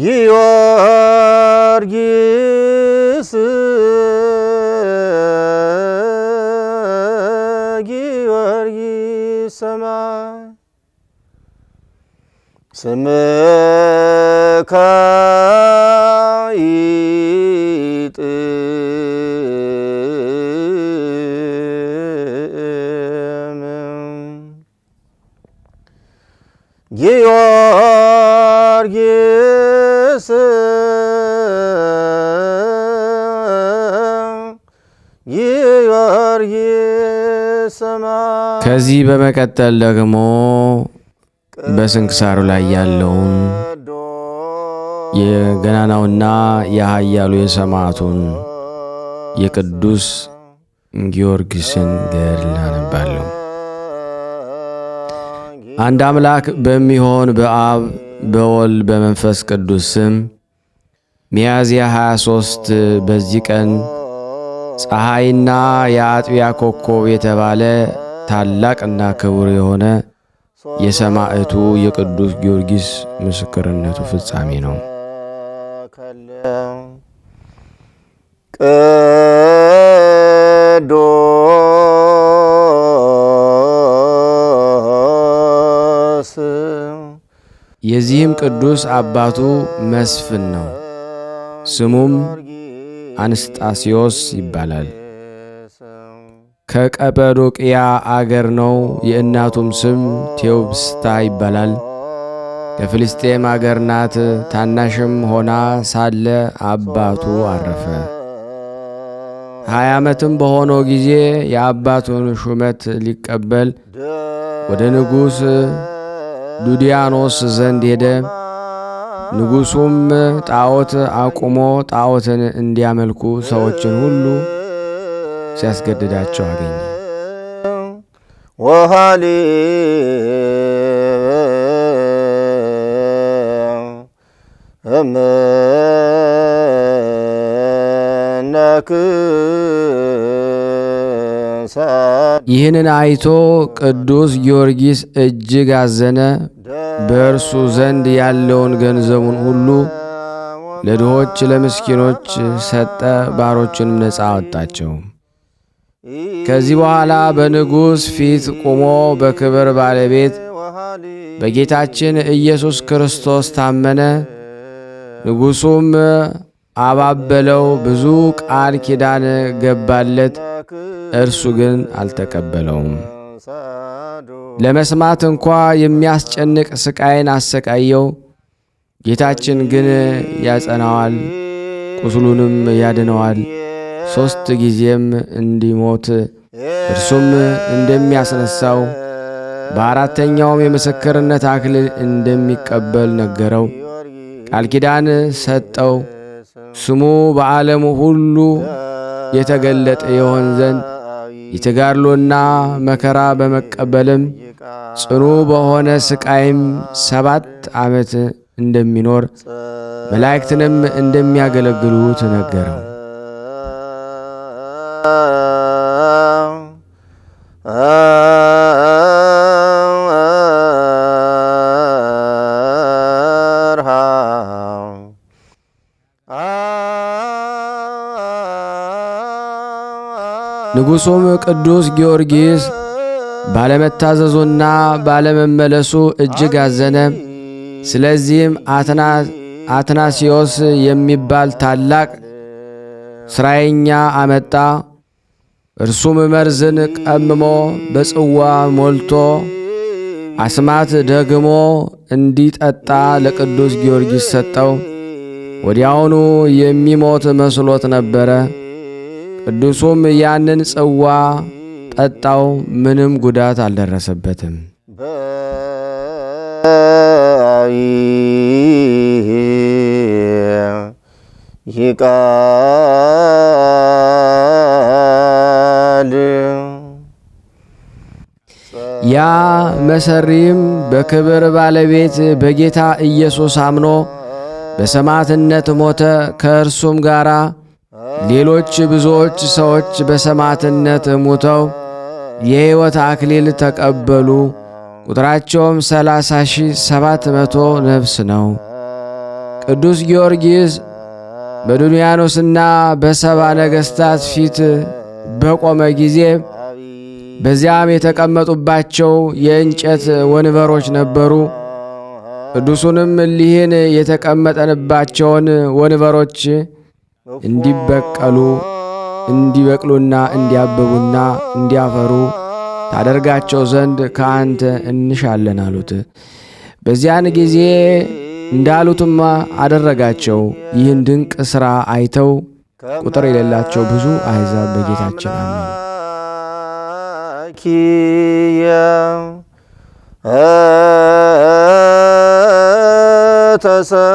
ጊዮርጊስ ጊዮርጊስ ሰማይ ስምከ ከዚህ በመቀጠል ደግሞ በስንክሳሩ ላይ ያለውን የገናናውና የኃያሉ የሰማዕቱን የቅዱስ ጊዮርጊስን ገድል አነባለሁ። አንድ አምላክ በሚሆን በአብ በወልድ በመንፈስ ቅዱስ ስም ሚያዝያ 23 በዚህ ቀን ፀሐይና የአጥቢያ ኮከብ የተባለ ታላቅና ክቡር የሆነ የሰማዕቱ የቅዱስ ጊዮርጊስ ምስክርነቱ ፍጻሜ ነው። የዚህም ቅዱስ አባቱ መስፍን ነው። ስሙም አንስጣስዮስ ይባላል። ከቀጰዶቅያ አገር ነው። የእናቱም ስም ቴዎብስታ ይባላል። ከፍልስጤም አገር ናት። ታናሽም ሆና ሳለ አባቱ አረፈ። ሀያ ዓመትም በሆነው ጊዜ የአባቱን ሹመት ሊቀበል ወደ ንጉሥ ዱዲያኖስ ዘንድ ሄደ። ንጉሡም ጣዖት አቁሞ ጣዖትን እንዲያመልኩ ሰዎችን ሁሉ ሲያስገድዳቸው አገኘ። ወሃሊ ይህንን አይቶ ቅዱስ ጊዮርጊስ እጅግ አዘነ። በእርሱ ዘንድ ያለውን ገንዘቡን ሁሉ ለድሆች፣ ለምስኪኖች ሰጠ። ባሮችንም ነፃ አወጣቸው። ከዚህ በኋላ በንጉሥ ፊት ቆሞ በክብር ባለቤት በጌታችን ኢየሱስ ክርስቶስ ታመነ። ንጉሡም አባበለው፣ ብዙ ቃል ኪዳን ገባለት። እርሱ ግን አልተቀበለውም። ለመስማት እንኳ የሚያስጨንቅ ስቃይን አሰቃየው። ጌታችን ግን ያጸናዋል፣ ቁስሉንም ያድነዋል። ሦስት ጊዜም እንዲሞት እርሱም እንደሚያስነሳው በአራተኛውም የምስክርነት አክሊል እንደሚቀበል ነገረው። ቃል ኪዳን ሰጠው። ስሙ በዓለም ሁሉ የተገለጠ የሆን ዘንድ የተጋድሎና መከራ በመቀበልም ጽኑ በሆነ ስቃይም ሰባት ዓመት እንደሚኖር መላእክትንም እንደሚያገለግሉት ነገረው። ንጉሡም ቅዱስ ጊዮርጊስ ባለመታዘዙና ባለመመለሱ እጅግ አዘነ። ስለዚህም አትናሲዮስ የሚባል ታላቅ ስራየኛ አመጣ። እርሱም መርዝን ቀምሞ በጽዋ ሞልቶ አስማት ደግሞ እንዲጠጣ ለቅዱስ ጊዮርጊስ ሰጠው። ወዲያውኑ የሚሞት መስሎት ነበረ። ቅዱሱም ያንን ጽዋ ጠጣው፣ ምንም ጉዳት አልደረሰበትም። ይቃ ያ መሰሪም በክብር ባለቤት በጌታ ኢየሱስ አምኖ በሰማዕትነት ሞተ። ከእርሱም ጋር ሌሎች ብዙዎች ሰዎች በሰማዕትነት ሙተው የሕይወት አክሊል ተቀበሉ። ቁጥራቸውም ሰላሳ ሺህ ሰባት መቶ ነፍስ ነው። ቅዱስ ጊዮርጊስ በዱንያኖስና በሰባ ነገሥታት ፊት በቆመ ጊዜ በዚያም የተቀመጡባቸው የእንጨት ወንበሮች ነበሩ። ቅዱሱንም እሊህን የተቀመጠንባቸውን ወንበሮች እንዲበቀሉ እንዲበቅሉና እንዲያብቡና እንዲያፈሩ ታደርጋቸው ዘንድ ከአንተ እንሻለን አሉት። በዚያን ጊዜ እንዳሉትማ አደረጋቸው። ይህን ድንቅ ሥራ አይተው ቁጥር የሌላቸው ብዙ አሕዛብ በጌታችን አመኑ። ተሰቅለ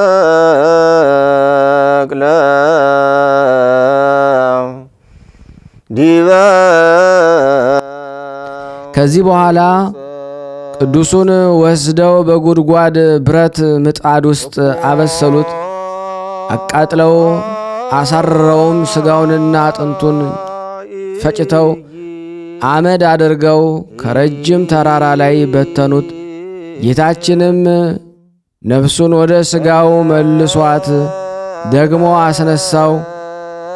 ዲበ ከዚህ በኋላ ቅዱሱን ወስደው በጉድጓድ ብረት ምጣድ ውስጥ አበሰሉት አቃጥለው አሳርረውም ሥጋውንና አጥንቱን ፈጭተው አመድ አድርገው ከረጅም ተራራ ላይ በተኑት። ጌታችንም ነፍሱን ወደ ሥጋው መልሷት ደግሞ አስነሳው።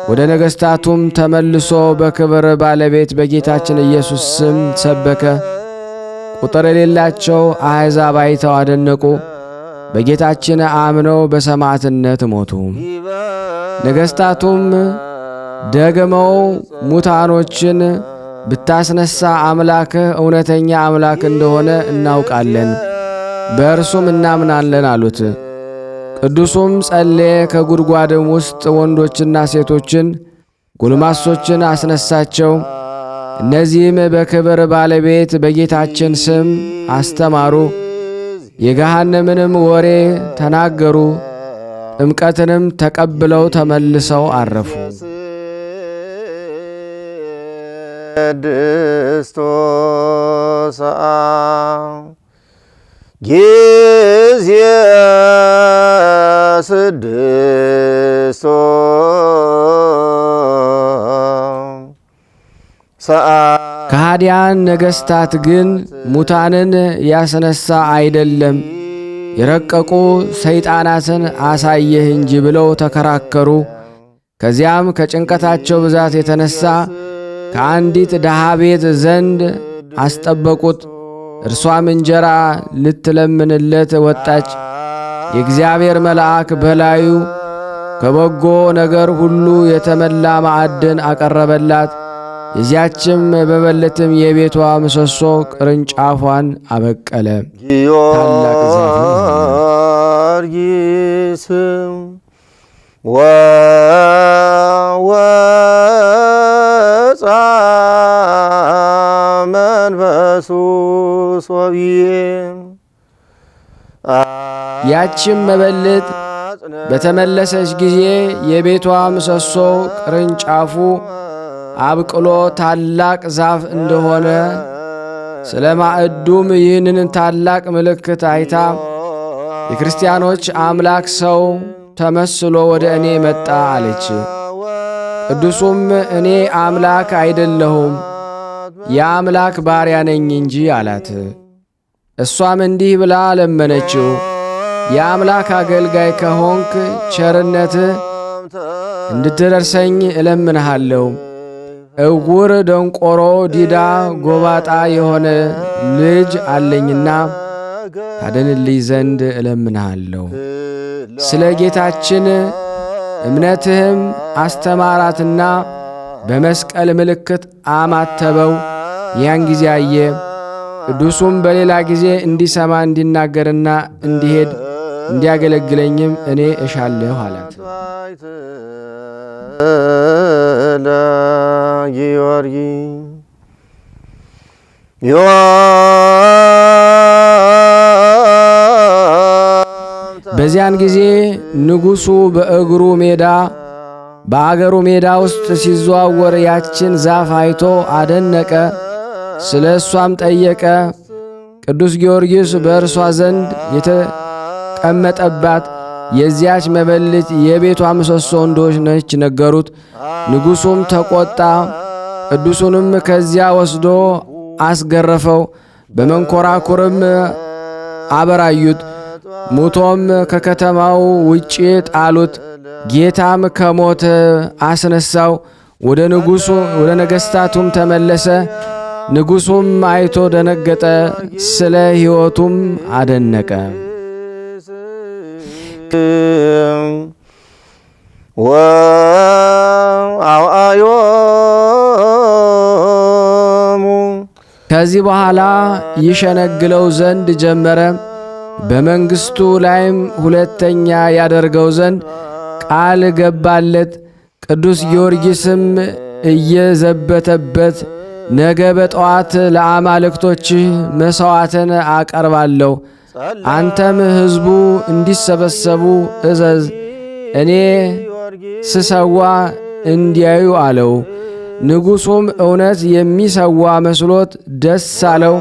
ወደ ነገሥታቱም ተመልሶ በክብር ባለቤት በጌታችን ኢየሱስ ስም ሰበከ። ቁጥር የሌላቸው አሕዛብ አይተው አደነቁ። በጌታችን አምነው በሰማዕትነት ሞቱ። ነገሥታቱም ደግመው ሙታኖችን ብታስነሳ አምላክህ እውነተኛ አምላክ እንደሆነ እናውቃለን፣ በእርሱም እናምናለን አሉት። ቅዱሱም ጸለየ። ከጉድጓድም ውስጥ ወንዶችና ሴቶችን ጎልማሶችን አስነሳቸው። እነዚህም በክብር ባለቤት በጌታችን ስም አስተማሩ፣ የገሃነምንም ወሬ ተናገሩ። እምቀትንም ተቀብለው ተመልሰው አረፉ። ድስቶ ሰአ ጊዜ ስድስቶ ከሃዲያን ነገሥታት ግን ሙታንን ያስነሳ አይደለም የረቀቁ ሰይጣናትን አሳየህ እንጂ ብለው ተከራከሩ። ከዚያም ከጭንቀታቸው ብዛት የተነሳ ከአንዲት ድሃ ቤት ዘንድ አስጠበቁት። እርሷም እንጀራ ልትለምንለት ወጣች። የእግዚአብሔር መልአክ በላዩ ከበጎ ነገር ሁሉ የተመላ ማዕድን አቀረበላት። የዚያችም በበለትም የቤቷ ምሰሶ ቅርንጫፏን አበቀለ። ጊዮርጊስም ወወፃ መንፈሱ ሶብዬ ያችም መበለት በተመለሰች ጊዜ የቤቷ ምሰሶ ቅርንጫፉ አብቅሎ ታላቅ ዛፍ እንደሆነ ስለ ማዕዱም ይህንን ታላቅ ምልክት አይታ የክርስቲያኖች አምላክ ሰው ተመስሎ ወደ እኔ መጣ አለች። ቅዱሱም እኔ አምላክ አይደለሁም የአምላክ ባሪያ ነኝ እንጂ አላት። እሷም እንዲህ ብላ ለመነችው፣ የአምላክ አገልጋይ ከሆንክ ቸርነትህ እንድትደርሰኝ እለምንሃለሁ እውር ደንቆሮ ዲዳ ጎባጣ የሆነ ልጅ አለኝና ታደንልኝ ዘንድ እለምንሃለሁ። ስለ ጌታችን እምነትህም አስተማራትና በመስቀል ምልክት አማተበው። ያን ጊዜ አየ። ቅዱሱም በሌላ ጊዜ እንዲሰማ እንዲናገርና እንዲሄድ እንዲያገለግለኝም እኔ እሻለሁ አላት። በዚያን ጊዜ ንጉሡ በእግሩ ሜዳ በአገሩ ሜዳ ውስጥ ሲዘዋወር ያችን ዛፍ አይቶ አደነቀ፣ ስለ እሷም ጠየቀ። ቅዱስ ጊዮርጊስ በእርሷ ዘንድ ቀመጠባት። የዚያች መበለት የቤቷ ምሰሶ እንደሆነች ነገሩት። ንጉሡም ተቆጣ ቅዱሱንም ከዚያ ወስዶ አስገረፈው። በመንኮራኩርም አበራዩት። ሙቶም ከከተማው ውጪ ጣሉት። ጌታም ከሞት አስነሳው። ወደ ንጉሡ ወደ ነገሥታቱም ተመለሰ። ንጉሡም አይቶ ደነገጠ፣ ስለ ሕይወቱም አደነቀ። ከዚህ በኋላ ይሸነግለው ዘንድ ጀመረ። በመንግስቱ ላይም ሁለተኛ ያደርገው ዘንድ ቃል ገባለት። ቅዱስ ጊዮርጊስም እየዘበተበት ነገ በጠዋት ለአማልክቶችህ መሥዋዕትን አቀርባለሁ አንተም ሕዝቡ እንዲሰበሰቡ እዘዝ፣ እኔ ስሰዋ እንዲያዩ አለው። ንጉሡም እውነት የሚሰዋ መስሎት ደስ አለው።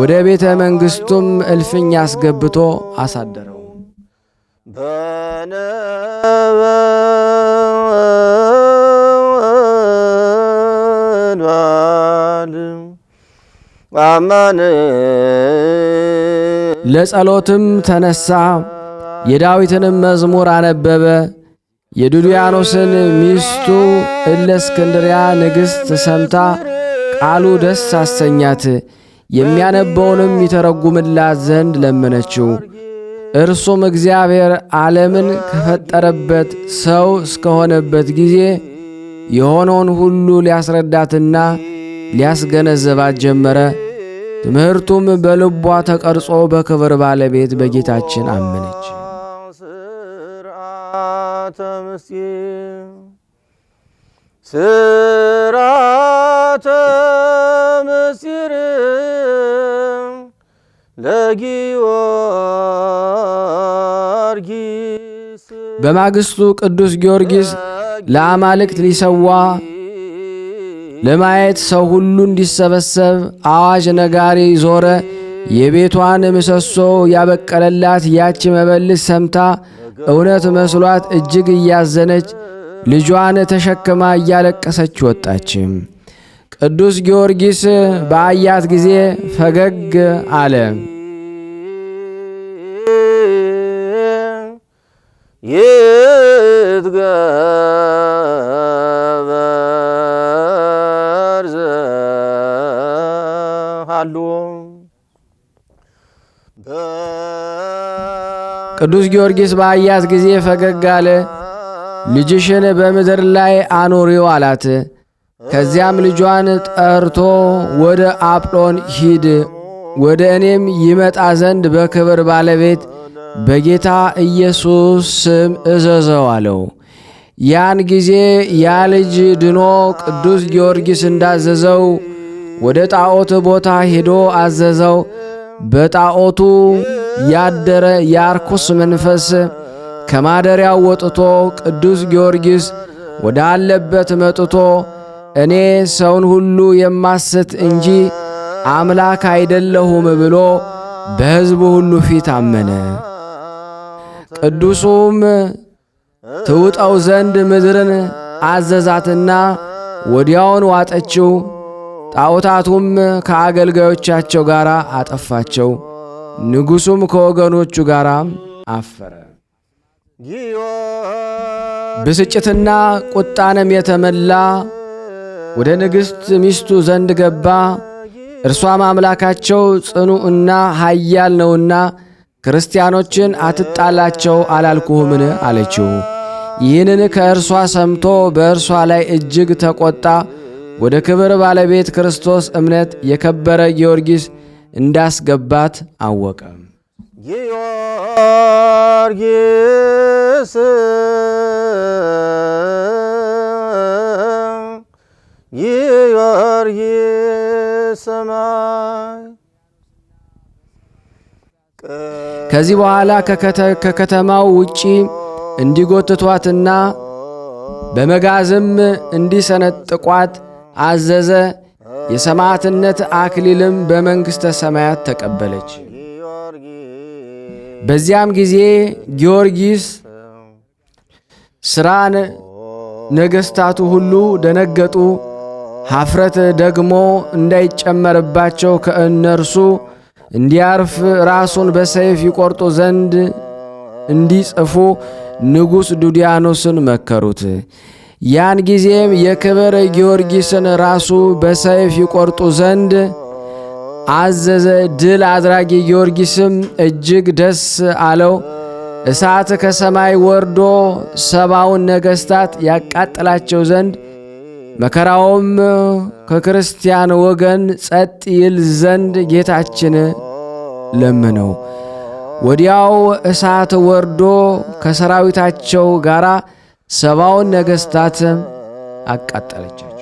ወደ ቤተ መንግሥቱም እልፍኝ አስገብቶ አሳደረው። አማን ለጸሎትም ተነሳ። የዳዊትንም መዝሙር አነበበ። የዱድያኖስን ሚስቱ እለእስክንድርያ ንግሥት ሰምታ ቃሉ ደስ አሰኛት። የሚያነበውንም ይተረጉምላት ዘንድ ለመነችው። እርሱም እግዚአብሔር ዓለምን ከፈጠረበት ሰው እስከሆነበት ጊዜ የሆነውን ሁሉ ሊያስረዳትና ሊያስገነዘባት ጀመረ። ትምህርቱም በልቧ ተቀርጾ በክብር ባለቤት በጌታችን አመነች። ስራተ ምስጢር ለጊዮርጊስ በማግስቱ ቅዱስ ጊዮርጊስ ለአማልክት ሊሰዋ ለማየት ሰው ሁሉ እንዲሰበሰብ አዋጅ ነጋሪ ዞረ። የቤቷን ምሰሶ ያበቀለላት ያች መበልስ ሰምታ እውነት መስሏት እጅግ እያዘነች ልጇን ተሸክማ እያለቀሰች ወጣች ቅዱስ ጊዮርጊስ በአያት ጊዜ ፈገግ አለ። ይትጋ ቅዱስ ጊዮርጊስ ባያት ጊዜ ፈገግ አለ። ልጅሽን በምድር ላይ አኖሪው አላት። ከዚያም ልጇን ጠርቶ ወደ አጵሎን ሂድ፣ ወደ እኔም ይመጣ ዘንድ በክብር ባለቤት በጌታ ኢየሱስ ስም እዘዘው አለው። ያን ጊዜ ያ ልጅ ድኖ ቅዱስ ጊዮርጊስ እንዳዘዘው ወደ ጣዖት ቦታ ሄዶ አዘዘው። በጣዖቱ ያደረ የአርኩስ መንፈስ ከማደሪያው ወጥቶ ቅዱስ ጊዮርጊስ ወዳለበት መጥቶ እኔ ሰውን ሁሉ የማስት እንጂ አምላክ አይደለሁም ብሎ በሕዝቡ ሁሉ ፊት አመነ። ቅዱሱም ትውጠው ዘንድ ምድርን አዘዛትና ወዲያውን ዋጠችው። ጣዖታቱም ከአገልጋዮቻቸው ጋር አጠፋቸው። ንጉሡም ከወገኖቹ ጋር አፈረ። ብስጭትና ቁጣንም የተመላ ወደ ንግሥት ሚስቱ ዘንድ ገባ። እርሷም አምላካቸው ጽኑ እና ኃያል ነውና ክርስቲያኖችን አትጣላቸው አላልኩህምን? አለችው። ይህንን ከእርሷ ሰምቶ በእርሷ ላይ እጅግ ተቆጣ። ወደ ክብር ባለቤት ክርስቶስ እምነት የከበረ ጊዮርጊስ እንዳስገባት አወቀ። ጊዮርጊስ ጊዮርጊስ ከዚህ በኋላ ከከተማው ውጪ እንዲጎትቷትና በመጋዝም እንዲሰነጥቋት አዘዘ። የሰማዕትነት አክሊልም በመንግሥተ ሰማያት ተቀበለች። በዚያም ጊዜ ጊዮርጊስ ሥራ ነገሥታቱ ሁሉ ደነገጡ። ሐፍረት ደግሞ እንዳይጨመርባቸው ከእነርሱ እንዲያርፍ ራሱን በሰይፍ ይቈርጡ ዘንድ እንዲጽፉ ንጉሥ ዱዲያኖስን መከሩት። ያን ጊዜም የክብር ጊዮርጊስን ራሱ በሰይፍ ይቆርጡ ዘንድ አዘዘ። ድል አድራጊ ጊዮርጊስም እጅግ ደስ አለው። እሳት ከሰማይ ወርዶ ሰባውን ነገሥታት ያቃጥላቸው ዘንድ መከራውም ከክርስቲያን ወገን ጸጥ ይል ዘንድ ጌታችን ለመነው። ወዲያው እሳት ወርዶ ከሰራዊታቸው ጋራ ሰባውን ነገሥታት አቃጠለቻቸው።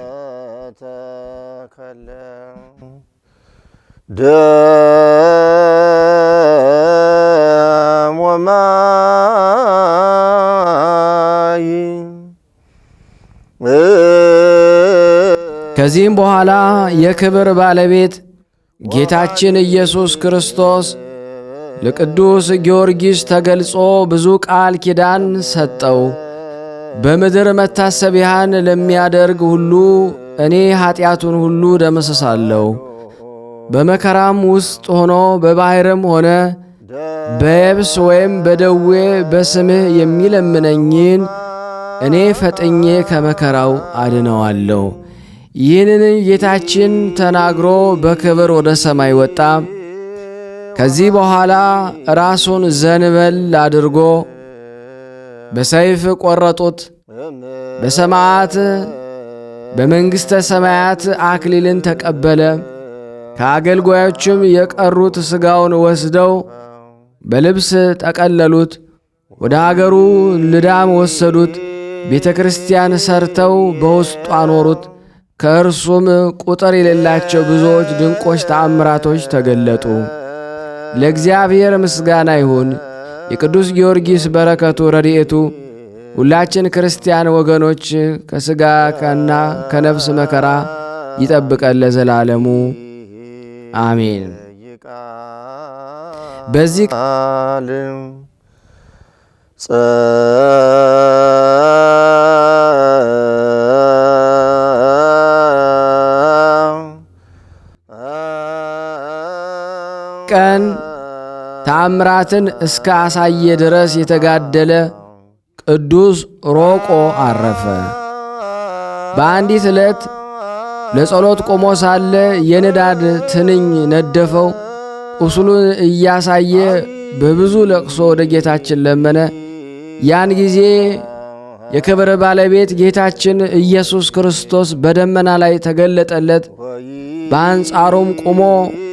ከዚህም በኋላ የክብር ባለቤት ጌታችን ኢየሱስ ክርስቶስ ለቅዱስ ጊዮርጊስ ተገልጾ ብዙ ቃል ኪዳን ሰጠው። በምድር መታሰቢያን ለሚያደርግ ሁሉ እኔ ኀጢአቱን ሁሉ ደመስሳለሁ። በመከራም ውስጥ ሆኖ በባሕርም ሆነ በየብስ ወይም በደዌ በስምህ የሚለምነኝን እኔ ፈጥኜ ከመከራው አድነዋለሁ። ይህንን ጌታችን ተናግሮ በክብር ወደ ሰማይ ወጣ። ከዚህ በኋላ ራሱን ዘንበል አድርጎ በሰይፍ ቆረጡት። በሰማዓት በመንግሥተ ሰማያት አክሊልን ተቀበለ። ከአገልጓዮችም የቀሩት ሥጋውን ወስደው በልብስ ጠቀለሉት፣ ወደ አገሩ ልዳም ወሰዱት። ቤተ ክርስቲያን ሰርተው በውስጡ አኖሩት። ከእርሱም ቁጥር የሌላቸው ብዙዎች ድንቆች ተአምራቶች ተገለጡ። ለእግዚአብሔር ምስጋና ይሁን። የቅዱስ ጊዮርጊስ በረከቱ ረድኤቱ ሁላችን ክርስቲያን ወገኖች ከሥጋ ከና ከነፍስ መከራ ይጠብቀን ለዘላለሙ አሜን። በዚህ ቃልም ተአምራትን እስከ አሳየ ድረስ የተጋደለ ቅዱስ ሮቆ አረፈ። በአንዲት ዕለት ለጸሎት ቆሞ ሳለ የንዳድ ትንኝ ነደፈው። ቁስሉን እያሳየ በብዙ ለቅሶ ወደ ጌታችን ለመነ። ያን ጊዜ የክብር ባለቤት ጌታችን ኢየሱስ ክርስቶስ በደመና ላይ ተገለጠለት። በአንጻሩም ቆሞ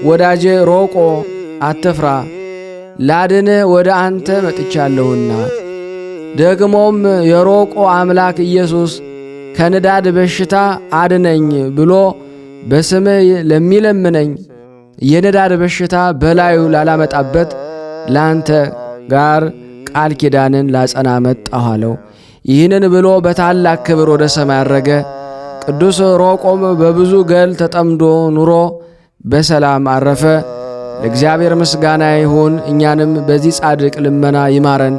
ወዳጄ ሮቆ አትፍራ ላድን ወደ አንተ መጥቻለሁና ደግሞም የሮቆ አምላክ ኢየሱስ ከንዳድ በሽታ አድነኝ ብሎ በስምህ ለሚለምነኝ የንዳድ በሽታ በላዩ ላላመጣበት ላንተ ጋር ቃል ኪዳንን ላጸና መጣሁ አለው። ይህንን ብሎ በታላቅ ክብር ወደ ሰማይ አረገ። ቅዱስ ሮቆም በብዙ ገል ተጠምዶ ኑሮ በሰላም አረፈ። ለእግዚአብሔር ምስጋና ይሁን። እኛንም በዚህ ጻድቅ ልመና ይማረን።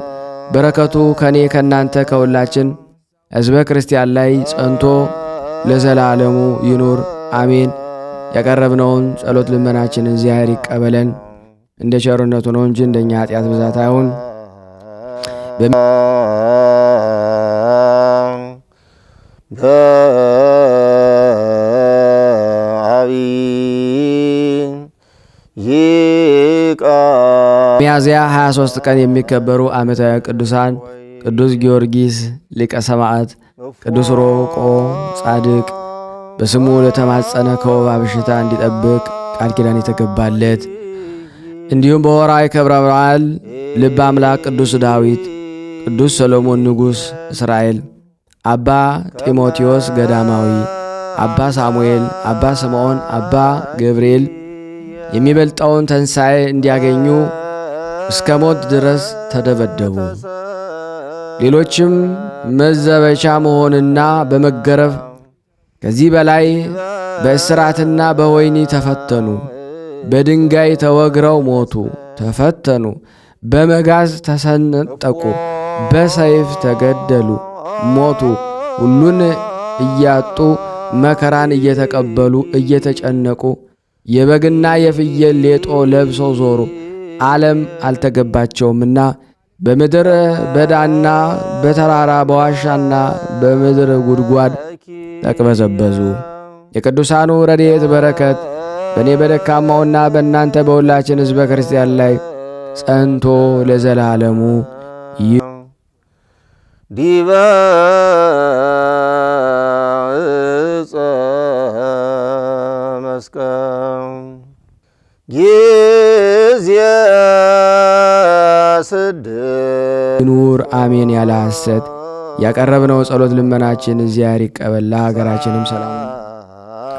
በረከቱ ከእኔ ከእናንተ ከሁላችን ሕዝበ ክርስቲያን ላይ ጸንቶ ለዘላለሙ ይኑር አሜን። ያቀረብነውን ጸሎት ልመናችንን እግዚአብሔር ይቀበለን። እንደ ቸርነቱ ነው እንጂ እንደኛ ኃጢአት ብዛት አይሁን። ሚያዝያ 23 ቀን የሚከበሩ ዓመታዊ ቅዱሳን ቅዱስ ጊዮርጊስ ሊቀ ሰማዕት፣ ቅዱስ ሮቆ ጻድቅ በስሙ ለተማጸነ ከወባ በሽታ እንዲጠብቅ ቃል ኪዳን የተገባለት እንዲሁም በወርሃዊ ክብረ በዓል ልበ አምላክ ቅዱስ ዳዊት፣ ቅዱስ ሰሎሞን ንጉሥ እስራኤል፣ አባ ጢሞቴዎስ ገዳማዊ፣ አባ ሳሙኤል፣ አባ ስምዖን፣ አባ ገብርኤል የሚበልጠውን ትንሣኤ እንዲያገኙ እስከ ሞት ድረስ ተደበደቡ። ሌሎችም መዘበቻ መሆንና በመገረፍ ከዚህ በላይ በእስራትና በወይኒ ተፈተኑ። በድንጋይ ተወግረው ሞቱ፣ ተፈተኑ። በመጋዝ ተሰነጠቁ፣ በሰይፍ ተገደሉ፣ ሞቱ። ሁሉን እያጡ መከራን እየተቀበሉ እየተጨነቁ የበግና የፍየል ሌጦ ለብሰው ዞሩ። ዓለም አልተገባቸውምና በምድር በዳና በተራራ በዋሻና በምድር ጉድጓድ ተቅበዘበዙ። የቅዱሳኑ ረድኤት በረከት በእኔ በደካማውና በእናንተ በሁላችን ሕዝበ ክርስቲያን ላይ ጸንቶ ለዘላለሙ ዲበ መስቀል ጊዜ ስድስት ይኑር አሜን። ያለ ሐሰት ያቀረብነው ጸሎት ልመናችን እግዚአብሔር ይቀበል። ለሀገራችንም ሰላም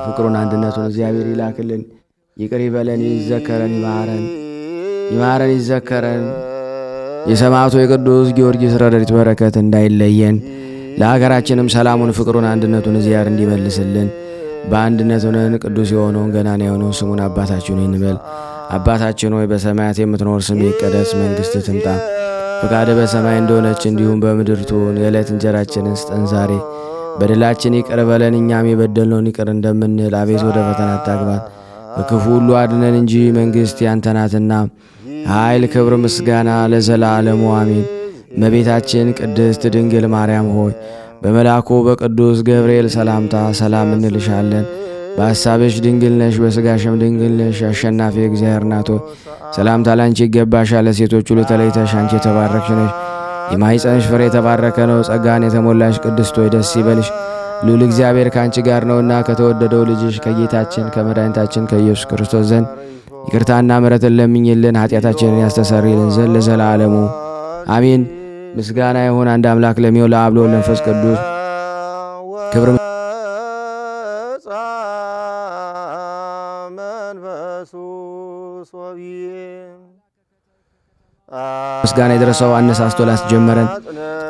ፍቅሩን፣ አንድነቱን እግዚአብሔር ይላክልን፣ ይቅር ይበለን፣ ይዘከረን፣ ይማረን፣ ይማረን፣ ይዘከረን። የሰማዕቱ የቅዱስ ጊዮርጊስ ረድኤት በረከት እንዳይለየን፣ ለሀገራችንም ሰላሙን፣ ፍቅሩን፣ አንድነቱን እግዚአብሔር እንዲመልስልን በአንድነት ሆነን ቅዱስ የሆነውን ገናና የሆነውን ስሙን አባታችን እንበል። አባታችን ሆይ በሰማያት የምትኖር ስም ይቀደስ፣ መንግሥት ትምጣ፣ ፈቃደ በሰማይ እንደሆነች እንዲሁም በምድር ትሁን። የዕለት እንጀራችንን ስጠን ዛሬ፣ በደላችን ይቅር በለን እኛም የበደልነውን ይቅር እንደምንል፣ አቤት ወደ ፈተና አታግባን፣ በክፉ ሁሉ አድነን እንጂ መንግሥት ያንተ ናትና ኃይል፣ ክብር፣ ምስጋና ለዘላለሙ አሜን። እመቤታችን ቅድስት ድንግል ማርያም ሆይ በመልአኩ በቅዱስ ገብርኤል ሰላምታ ሰላም እንልሻለን። በሐሳብሽ ድንግል ነሽ፣ በሥጋሽም ድንግል ነሽ። አሸናፊ እግዚአብሔር ናቶ ሰላምታ ላንቺ ይገባሻል። ሴቶች ሁሉ ተለይተሽ አንቺ የተባረክሽ ነሽ፣ የማኅፀንሽ ፍሬ የተባረከ ነው። ጸጋን የተሞላሽ ቅድስት ሆይ ደስ ይበልሽ፣ ሉል እግዚአብሔር ከአንቺ ጋር ነውና ከተወደደው ልጅሽ ከጌታችን ከመድኃኒታችን ከኢየሱስ ክርስቶስ ዘንድ ይቅርታና ምሕረትን ለምኝልን ኃጢአታችንን ያስተሰርይልን ዘንድ ለዘላለሙ አሚን። ምስጋና ይሁን አንድ አምላክ ለሚሆን ለአብ ለወልድ ለመንፈስ ቅዱስ ክብር ምስጋና የደረሰው አነሳስቶ ላስጀመረን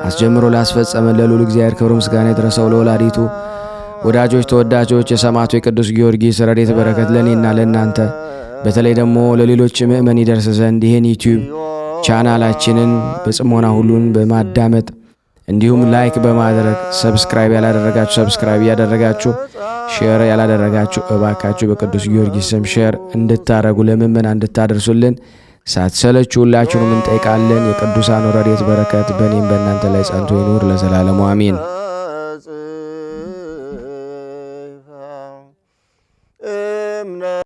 አስጀምሮ ላስፈጸመን ለልዑል እግዚአብሔር ክብር ምስጋና የደረሰው ለወላዲቱ ወዳጆች ተወዳጆች የሰማዕቱ የቅዱስ ጊዮርጊስ ረድኤት በረከት ለእኔና ለእናንተ በተለይ ደግሞ ለሌሎች ምእመን ይደርስ ዘንድ ይህን ዩቲዩብ ቻናላችንን በጽሞና ሁሉን በማዳመጥ እንዲሁም ላይክ በማድረግ ሰብስክራይብ ያላደረጋችሁ ሰብስክራይብ እያደረጋችሁ ሼር ያላደረጋችሁ እባካችሁ በቅዱስ ጊዮርጊስ ስም ሼር እንድታደረጉ ለምመና እንድታደርሱልን ሳትሰለች ሁላችሁንም እንጠይቃለን። የቅዱሳን ረድኤት በረከት በእኔም በእናንተ ላይ ጸንቶ ይኑር ለዘላለሙ አሜን።